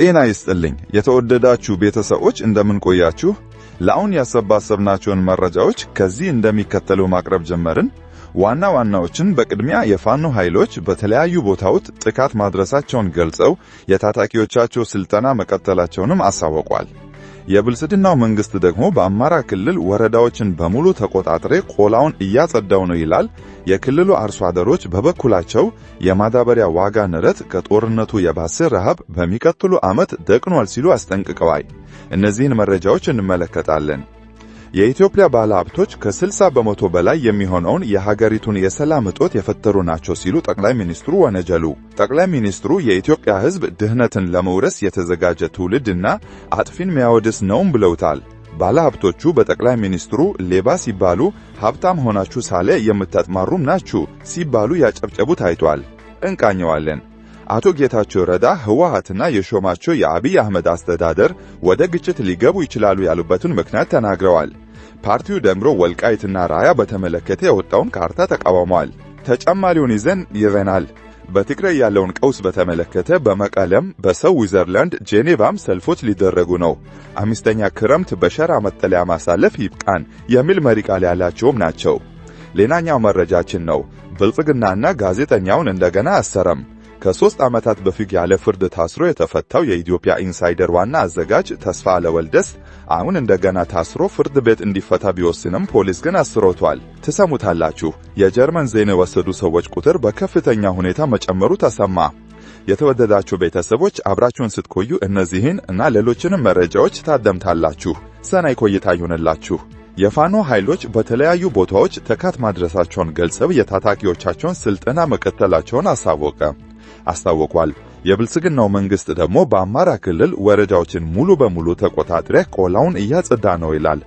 ጤና ይስጥልኝ የተወደዳችሁ ቤተሰቦች እንደምን ቆያችሁ? ለአሁን ያሰባሰብናቸውን መረጃዎች ከዚህ እንደሚከተለው ማቅረብ ጀመርን። ዋና ዋናዎችን በቅድሚያ የፋኖ ኃይሎች በተለያዩ ቦታዎች ጥቃት ማድረሳቸውን ገልጸው የታጣቂዎቻቸው ስልጠና መቀጠላቸውንም አሳውቋል። የብልጽግናው መንግስት ደግሞ በአማራ ክልል ወረዳዎችን በሙሉ ተቆጣጥሬ ቆላውን እያጸዳው ነው ይላል። የክልሉ አርሶ አደሮች በበኩላቸው የማዳበሪያ ዋጋ ንረት ከጦርነቱ የባሰ ረሃብ በሚቀጥሉ ዓመት ደቅኗል ሲሉ አስጠንቅቀዋል። እነዚህን መረጃዎች እንመለከታለን። የኢትዮጵያ ባለሀብቶች ከ60 በመቶ በላይ የሚሆነውን የሀገሪቱን የሰላም እጦት የፈጠሩ ናቸው ሲሉ ጠቅላይ ሚኒስትሩ ወነጀሉ። ጠቅላይ ሚኒስትሩ የኢትዮጵያ ሕዝብ ድህነትን ለመውረስ የተዘጋጀ ትውልድና አጥፊን ሚያወድስ ነውም ብለውታል። ባለሀብቶቹ በጠቅላይ ሚኒስትሩ ሌባ ሲባሉ ሀብታም ሆናችሁ ሳለ የምታጥማሩም ናችሁ ሲባሉ ያጨብጨቡ ታይቷል። እንቃኘዋለን። አቶ ጌታቸው ረዳ ህወሓትና የሾማቸው የአብይ አህመድ አስተዳደር ወደ ግጭት ሊገቡ ይችላሉ ያሉበትን ምክንያት ተናግረዋል። ፓርቲው ደምሮ ወልቃይትና ራያ በተመለከተ የወጣውን ካርታ ተቃውሟል። ተጨማሪውን ይዘን ይዘናል። በትግራይ ያለውን ቀውስ በተመለከተ በመቀለም በስዊዘርላንድ ጄኔቫም ሰልፎች ሊደረጉ ነው። አምስተኛ ክረምት በሸራ መጠለያ ማሳለፍ ይብቃን የሚል መሪ ቃል ያላቸውም ናቸው። ሌላኛው መረጃችን ነው። ብልጽግናና ጋዜጠኛውን እንደገና አሰረም። ከሶስት ዓመታት በፊት ያለ ፍርድ ታስሮ የተፈታው የኢትዮጵያ ኢንሳይደር ዋና አዘጋጅ ተስፋ አለወልደስ አሁን እንደገና ታስሮ ፍርድ ቤት እንዲፈታ ቢወስንም ፖሊስ ግን አስሮቷል። ትሰሙታላችሁ። የጀርመን ዜና የወሰዱ ሰዎች ቁጥር በከፍተኛ ሁኔታ መጨመሩ ተሰማ። የተወደዳችሁ ቤተሰቦች አብራችሁን ስትቆዩ እነዚህን እና ሌሎችንም መረጃዎች ታደምታላችሁ። ሰናይ ቆይታ ይሁንላችሁ። የፋኖ ኃይሎች በተለያዩ ቦታዎች ጥቃት ማድረሳቸውን ገልጸው የታጣቂዎቻቸውን ስልጠና መቀጠላቸውን አሳወቀ። አስታውቋል። የብልጽግናው መንግስት ደግሞ በአማራ ክልል ወረዳዎችን ሙሉ በሙሉ ተቆጣጥሬ ቆላውን እያጸዳ ነው ይላል።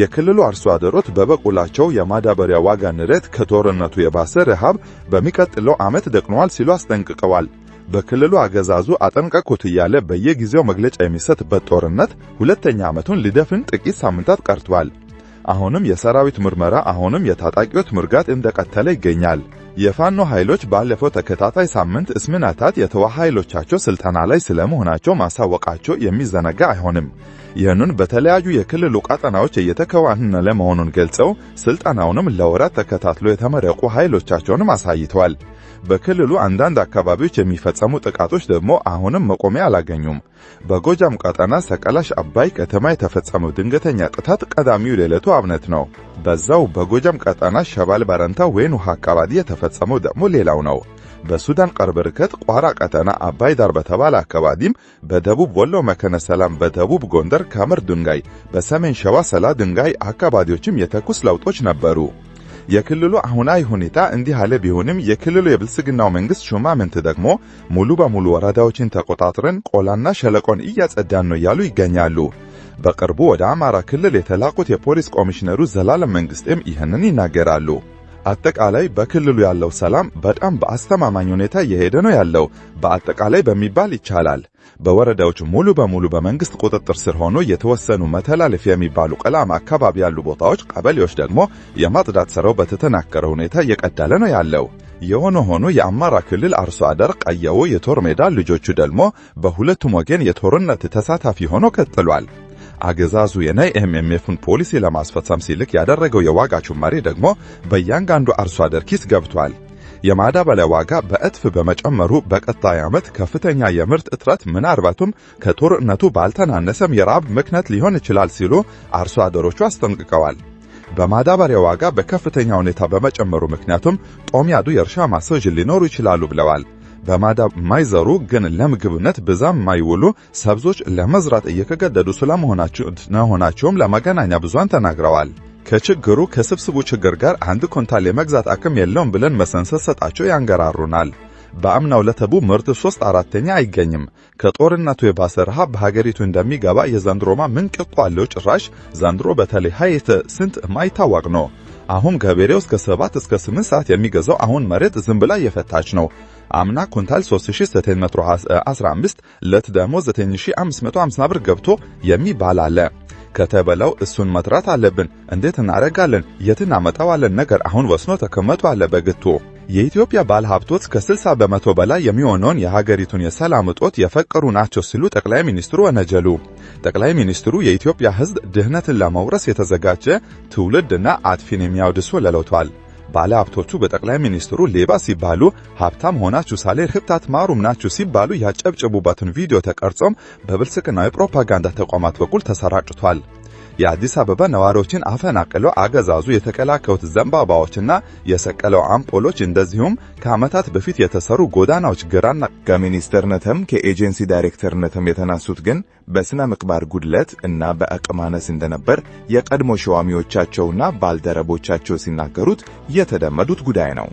የክልሉ አርሶ አደሮች በበኩላቸው የማዳበሪያ ዋጋ ንረት ከጦርነቱ የባሰ ረሃብ በሚቀጥለው ዓመት ደቅኗል ሲሉ አስጠንቅቀዋል። በክልሉ አገዛዙ አጠንቀቁት እያለ በየጊዜው መግለጫ የሚሰጥበት ጦርነት ሁለተኛ ዓመቱን ሊደፍን ጥቂት ሳምንታት ቀርቷል። አሁንም የሰራዊት ምርመራ፣ አሁንም የታጣቂዎች ምርጋት እንደቀጠለ ይገኛል። የፋኖ ኃይሎች ባለፈው ተከታታይ ሳምንት እስምናታት የተዋ ኃይሎቻቸው ስልጠና ላይ ስለመሆናቸው ማሳወቃቸው የሚዘነጋ አይሆንም። ይህንን በተለያዩ የክልሉ ቀጠናዎች እየተከናወነ ለመሆኑን ገልጸው ስልጠናውንም ለወራት ተከታትሎ የተመረቁ ኃይሎቻቸውንም አሳይተዋል። በክልሉ አንዳንድ አካባቢዎች የሚፈጸሙ ጥቃቶች ደግሞ አሁንም መቆሚያ አላገኙም። በጎጃም ቀጠና ሰቀላሽ አባይ ከተማ የተፈጸመው ድንገተኛ ጥታት ቀዳሚው ለለቱ አብነት ነው። በዛው በጎጃም ቀጠና ሸባል ባረንታ ወይን ውሃ አካባቢ የተፈጸመው ደግሞ ሌላው ነው። በሱዳን ቅርብ ርከት ቋራ ቀጠና አባይ ዳር በተባለ አካባቢም፣ በደቡብ ወሎ መከነ ሰላም፣ በደቡብ ጎንደር ከምር ድንጋይ፣ በሰሜን ሸዋ ሰላ ድንጋይ አካባቢዎችም የተኩስ ለውጦች ነበሩ። የክልሉ አሁናዊ ሁኔታ እንዲህ አለ ቢሆንም የክልሉ የብልጽግናው መንግስት ሹማምንት ደግሞ ሙሉ በሙሉ ወረዳዎችን ተቆጣጥረን ቆላና ሸለቆን እያጸዳን ነው እያሉ ይገኛሉ። በቅርቡ ወደ አማራ ክልል የተላኩት የፖሊስ ኮሚሽነሩ ዘላለም መንግስትም ይህንን ይናገራሉ። አጠቃላይ በክልሉ ያለው ሰላም በጣም በአስተማማኝ ሁኔታ እየሄደ ነው ያለው በአጠቃላይ በሚባል ይቻላል። በወረዳዎች ሙሉ በሙሉ በመንግስት ቁጥጥር ስር ሆኖ የተወሰኑ መተላለፍ የሚባሉ ቀላም አካባቢ ያሉ ቦታዎች፣ ቀበሌዎች ደግሞ የማጽዳት ስራው በተተናከረ ሁኔታ እየቀጠለ ነው ያለው። የሆነ ሆኖ የአማራ ክልል አርሶ አደር ቀየው የጦር ሜዳ ልጆቹ ደግሞ በሁለቱም ወገን የጦርነት ተሳታፊ ሆኖ ቀጥሏል። አገዛዙ የናይኤምኤፍን ፖሊሲ ለማስፈጸም ሲልክ ያደረገው የዋጋ ጭማሪ ደግሞ በእያንዳንዱ አርሶ አደር ኪስ ገብቷል። የማዳበሪያ ዋጋ በእጥፍ በመጨመሩ በቀጣይ ዓመት ከፍተኛ የምርት እጥረት ምናርባቱም ከጦርነቱ ባልተናነሰም የራብ ምክንያት ሊሆን ይችላል ሲሉ አርሶ አደሮቹ አስጠንቅቀዋል። በማዳበሪያ ዋጋ በከፍተኛ ሁኔታ በመጨመሩ ምክንያቱም ጦም ያዱ የእርሻ ማሰጅ ሊኖሩ ይችላሉ ብለዋል። በማዳብ የማይዘሩ ግን ለምግብነት ብዛም የማይውሉ ሰብዞች ለመዝራት እየተገደዱ ስለመሆናቸውም ለመገናኛ ብዙሃን ተናግረዋል። ከችግሩ ከስብስቡ ችግር ጋር አንድ ኮንታል የመግዛት አቅም የለውም ብለን መሰንሰል ሰጣቸው ያንገራሩናል። በአምናው ለተቡ ምርት ሶስት አራተኛ አይገኝም። ከጦርነቱ የባሰ ረሃብ በሀገሪቱ እንደሚገባ የዘንድሮማ ምን ቅጡ አለው? ጭራሽ ዘንድሮ በተለይ ሀየተ ስንት ማይታወቅ ነው። አሁን ገበሬው እስከ ሰባት እስከ ስምንት ሰዓት የሚገዛው አሁን መሬት ዝም ብላ እየፈታች ነው። አምና ኩንታል 3915 ለትደሞዝ 9550 ብር ገብቶ የሚባል አለ። ከተበላው እሱን መጥራት አለብን። እንዴት እናደርጋለን? የት እናመጣዋለን? ነገር አሁን ወስኖ ተቀመጡ አለ በግቱ። የኢትዮጵያ ባለ ሀብቶች ከ60 በመቶ በላይ የሚሆነውን የሀገሪቱን የሰላም እጦት የፈቀሩ ናቸው ሲሉ ጠቅላይ ሚኒስትሩ ወነጀሉ። ጠቅላይ ሚኒስትሩ የኢትዮጵያ ሕዝብ ድህነትን ለመውረስ የተዘጋጀ ትውልድና አጥፊን የሚያወድሱ ለለውቷል። ባለ ሀብቶቹ በጠቅላይ ሚኒስትሩ ሌባ ሲባሉ ሀብታም ሆናችሁ ሳሌ ህብታት ማሩም ናችሁ ሲባሉ ያጨብጭቡባትን ቪዲዮ ተቀርጾም በብልጽግናዊ ፕሮፓጋንዳ ተቋማት በኩል ተሰራጭቷል። የአዲስ አበባ ነዋሪዎችን አፈናቅለው አገዛዙ የተቀላከሉት ዘንባባዎችና የሰቀለው አምፖሎች እንደዚሁም ከዓመታት በፊት የተሰሩ ጎዳናዎች ግራና ከሚኒስትርነትም ከኤጀንሲ ዳይሬክተርነትም የተነሱት ግን በሥነ ምግባር ጉድለት እና በአቅማነስ እንደነበር የቀድሞ ሸዋሚዎቻቸውና ባልደረቦቻቸው ሲናገሩት የተደመዱት ጉዳይ ነው።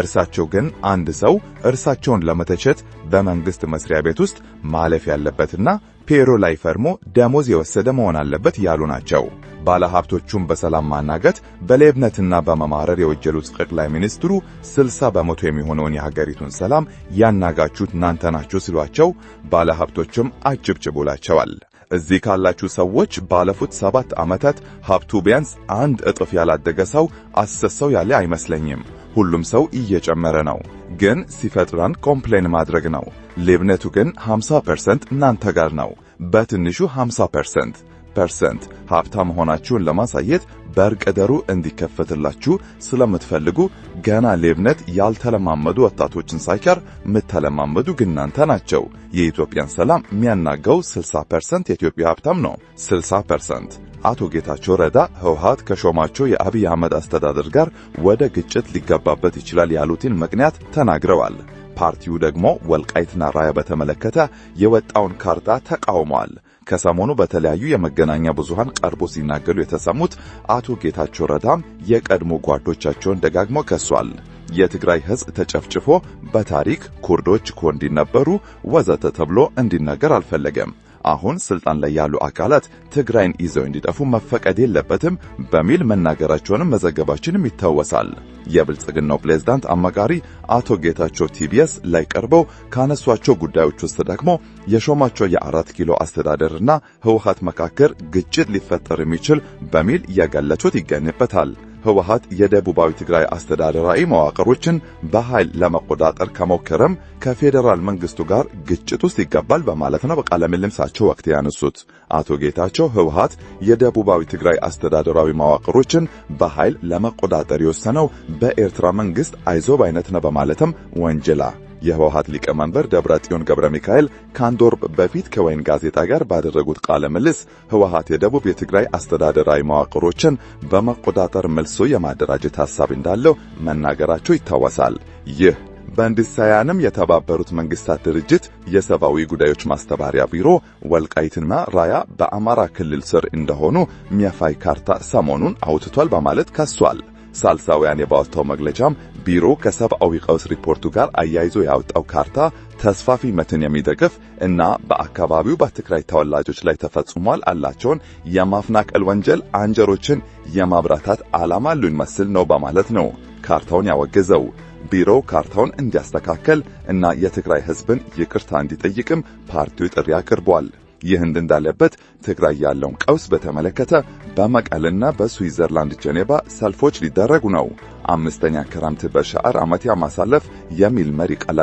እርሳቸው ግን አንድ ሰው እርሳቸውን ለመተቸት በመንግስት መስሪያ ቤት ውስጥ ማለፍ ያለበትና ፔሮ ላይ ፈርሞ ደሞዝ የወሰደ መሆን አለበት ያሉ ናቸው። ባለሀብቶቹን በሰላም ማናገት በሌብነትና በመማረር የወጀሉት ጠቅላይ ሚኒስትሩ 60 በመቶ የሚሆነውን የሀገሪቱን ሰላም ያናጋችሁት እናንተ ናችሁ ሲሏቸው ባለሀብቶቹም አጭብጭቦላቸዋል። እዚህ ካላችሁ ሰዎች ባለፉት ሰባት ዓመታት ሀብቱ ቢያንስ አንድ እጥፍ ያላደገ ሰው አሰሰው ያለ አይመስለኝም። ሁሉም ሰው እየጨመረ ነው፣ ግን ሲፈጥረን ኮምፕሌን ማድረግ ነው። ሌብነቱ ግን 50% እናንተ ጋር ነው፣ በትንሹ 50% ፐርሰንት ሀብታም መሆናችሁን ለማሳየት በርቀደሩ እንዲከፈትላችሁ ስለምትፈልጉ ገና ሌብነት ያልተለማመዱ ወጣቶችን ሳይቀር የምተለማመዱ ግናንተ ናቸው። የኢትዮጵያን ሰላም የሚያናገው 60 ፐርሰንት የኢትዮጵያ ሀብታም ነው። 60 ፐርሰንት አቶ ጌታቸው ረዳ ህውሃት ከሾማቸው የአብይ አህመድ አስተዳደር ጋር ወደ ግጭት ሊገባበት ይችላል ያሉትን ምክንያት ተናግረዋል። ፓርቲው ደግሞ ወልቃይትና ራያ በተመለከተ የወጣውን ካርታ ተቃውሟል። ከሰሞኑ በተለያዩ የመገናኛ ብዙሃን ቀርቦ ሲናገሩ የተሰሙት አቶ ጌታቸው ረዳም የቀድሞ ጓዶቻቸውን ደጋግሞ ከሷል። የትግራይ ህዝብ ተጨፍጭፎ በታሪክ ኩርዶች እኮ እንዲነበሩ ወዘተ ተብሎ እንዲነገር አልፈለገም። አሁን ስልጣን ላይ ያሉ አካላት ትግራይን ይዘው እንዲጠፉ መፈቀድ የለበትም በሚል መናገራቸውንም መዘገባችንም ይታወሳል። የብልጽግናው ፕሬዝዳንት አማካሪ አቶ ጌታቸው ቲቢኤስ ላይ ቀርበው ካነሷቸው ጉዳዮች ውስጥ ደግሞ የሾማቸው የአራት ኪሎ አስተዳደርና ህወሓት መካከል ግጭት ሊፈጠር የሚችል በሚል እያጋለጹት ይገኝበታል። ህወሓት የደቡባዊ ትግራይ አስተዳደራዊ መዋቅሮችን በኃይል ለመቆጣጠር ከሞከረም ከፌዴራል መንግስቱ ጋር ግጭት ውስጥ ይገባል በማለት ነው በቃለ ምልልሳቸው ወቅት ያነሱት። አቶ ጌታቸው ህወሓት የደቡባዊ ትግራይ አስተዳደራዊ መዋቅሮችን በኃይል ለመቆጣጠር የወሰነው በኤርትራ መንግስት አይዞብ አይነት ነው በማለትም ወንጀላ የህወሀት ሊቀመንበር ደብረጽዮን ገብረ ሚካኤል ከአንድ ወር በፊት ከወይን ጋዜጣ ጋር ባደረጉት ቃለ ምልልስ ህወሀት የደቡብ የትግራይ አስተዳደራዊ መዋቅሮችን በመቆጣጠር መልሶ የማደራጀት ሐሳብ እንዳለው መናገራቸው ይታወሳል። ይህ በእንድሳያንም የተባበሩት መንግስታት ድርጅት የሰብአዊ ጉዳዮች ማስተባበሪያ ቢሮ ወልቃይትና ራያ በአማራ ክልል ስር እንደሆኑ ሚያፋይ ካርታ ሰሞኑን አውጥቷል በማለት ከሷል። ሳልሳውያን የባወጣው መግለጫም ቢሮ ከሰብአዊ ቀውስ ሪፖርቱ ጋር አያይዞ ያወጣው ካርታ ተስፋፊ መትን የሚደግፍ እና በአካባቢው በትግራይ ተወላጆች ላይ ተፈጽሟል አላቸውን የማፍናቀል ወንጀል አንጀሮችን የማብራታት ዓላማ ሉን መስል ነው በማለት ነው ካርታውን ያወገዘው። ቢሮው ካርታውን እንዲያስተካከል እና የትግራይ ሕዝብን ይቅርታ እንዲጠይቅም ፓርቲው ጥሪ አቅርቧል። ይህን እንዳለበት ትግራይ ያለውን ቀውስ በተመለከተ በመቀልና በስዊዘርላንድ ጄኔቫ ሰልፎች ሊደረጉ ነው። አምስተኛ ክረምት በሻዕር ዓመት ማሳለፍ የሚል መሪ ቃል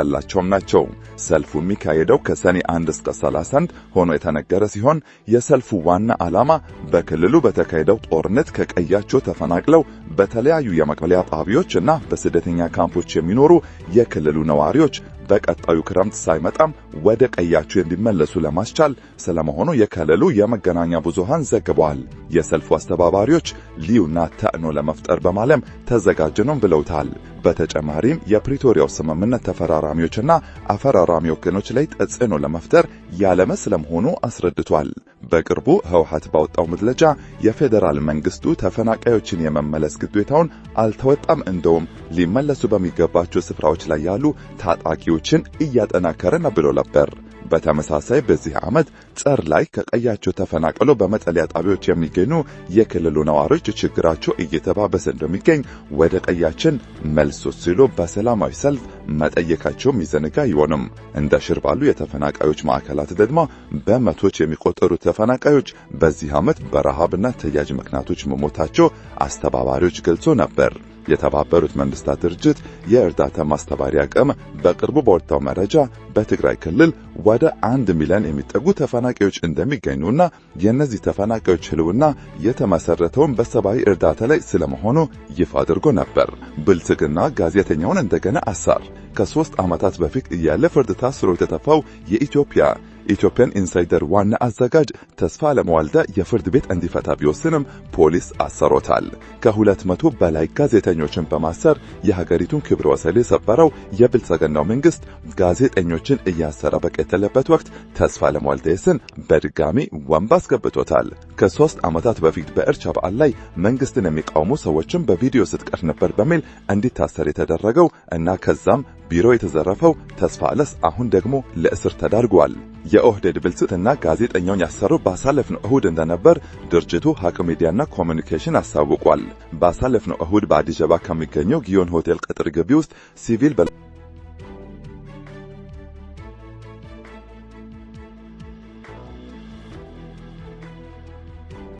ናቸው። ሰልፉ የሚካሄደው ከሰኔ 1 እስከ 31 ሆኖ የተነገረ ሲሆን የሰልፉ ዋና ዓላማ በክልሉ በተካሄደው ጦርነት ከቀያቸው ተፈናቅለው በተለያዩ የመቀበያ ጣቢያዎች እና በስደተኛ ካምፖች የሚኖሩ የክልሉ ነዋሪዎች በቀጣዩ ክረምት ሳይመጣም ወደ ቀያቸው እንዲመለሱ ለማስቻል ስለመሆኑ የክልሉ የመገናኛ ብዙሃን ዘግበዋል። የሰልፉ አስተባባሪዎች ልዩና ተጽዕኖ ለመፍጠር በማለም ተዘጋጅነው ብለውታል። በተጨማሪም የፕሪቶሪያው ስምምነት ተፈራራሚዎችና አፈራራሚ ወገኖች ላይ ተጽዕኖ ለመፍጠር ያለመ ስለመሆኑ አስረድቷል። በቅርቡ ህወሓት ባወጣው መግለጫ የፌዴራል መንግስቱ ተፈናቃዮችን የመመለስ ግዴታውን አልተወጣም፣ እንደውም ሊመለሱ በሚገባቸው ስፍራዎች ላይ ያሉ ታጣቂዎችን እያጠናከረ ነው ብሎ ነበር። በተመሳሳይ በዚህ ዓመት ጸር ላይ ከቀያቸው ተፈናቅለው በመጠለያ ጣቢያዎች የሚገኙ የክልሉ ነዋሪዎች ችግራቸው እየተባበሰ እንደሚገኝ ወደ ቀያችን መልሶ ሲሉ በሰላማዊ ሰልፍ መጠየቃቸውም ይዘነጋ አይሆንም። እንደ ሽር ባሉ የተፈናቃዮች ማዕከላት ደግሞ በመቶች የሚቆጠሩ ተፈናቃዮች በዚህ ዓመት በረሃብና ተያያዥ ምክንያቶች መሞታቸው አስተባባሪዎች ገልጾ ነበር። የተባበሩት መንግስታት ድርጅት የእርዳታ ማስተባበሪያ አቅም በቅርቡ በወጣው መረጃ በትግራይ ክልል ወደ አንድ ሚሊዮን የሚጠጉ ተፈናቃዮች እንደሚገኙና የእነዚህ ተፈናቃዮች ህልውና የተመሰረተውን በሰብአዊ እርዳታ ላይ ስለመሆኑ ይፋ አድርጎ ነበር። ብልጽግና ጋዜጠኛውን እንደገና አሳር። ከሶስት ዓመታት በፊት እያለ ፍርድ ታስሮ የተተፋው የኢትዮጵያ ኢትዮጵያን ኢንሳይደር ዋና አዘጋጅ ተስፋ ለመዋልዳ የፍርድ ቤት እንዲፈታ ቢወስንም ፖሊስ አሰሮታል። ከሁለት መቶ በላይ ጋዜጠኞችን በማሰር የሀገሪቱን ክብረ ወሰን የሰበረው የብልጽግናው መንግስት ጋዜጠኞችን እያሰረ በቀጠለበት ወቅት ተስፋ የስን በድጋሚ ወንባ አስገብቶታል። ከሶስት ዓመታት በፊት በእርቻ በዓል ላይ መንግስትን የሚቃወሙ ሰዎችን በቪዲዮ ስትቀር ነበር በሚል እንዲታሰር የተደረገው እና ከዛም ቢሮ የተዘረፈው ተስፋ አለስ አሁን ደግሞ ለእስር ተዳርጓል። የኦህዴድ ብልጽትና ጋዜጠኛውን ያሰረው ባሳለፍነው እሁድ እንደነበር ድርጅቱ ሀቅ ሚዲያና ኮሚኒኬሽን አሳውቋል። ባሳለፍነው እሁድ በአዲስ አበባ ከሚገኘው ጊዮን ሆቴል ቅጥር ግቢ ውስጥ ሲቪል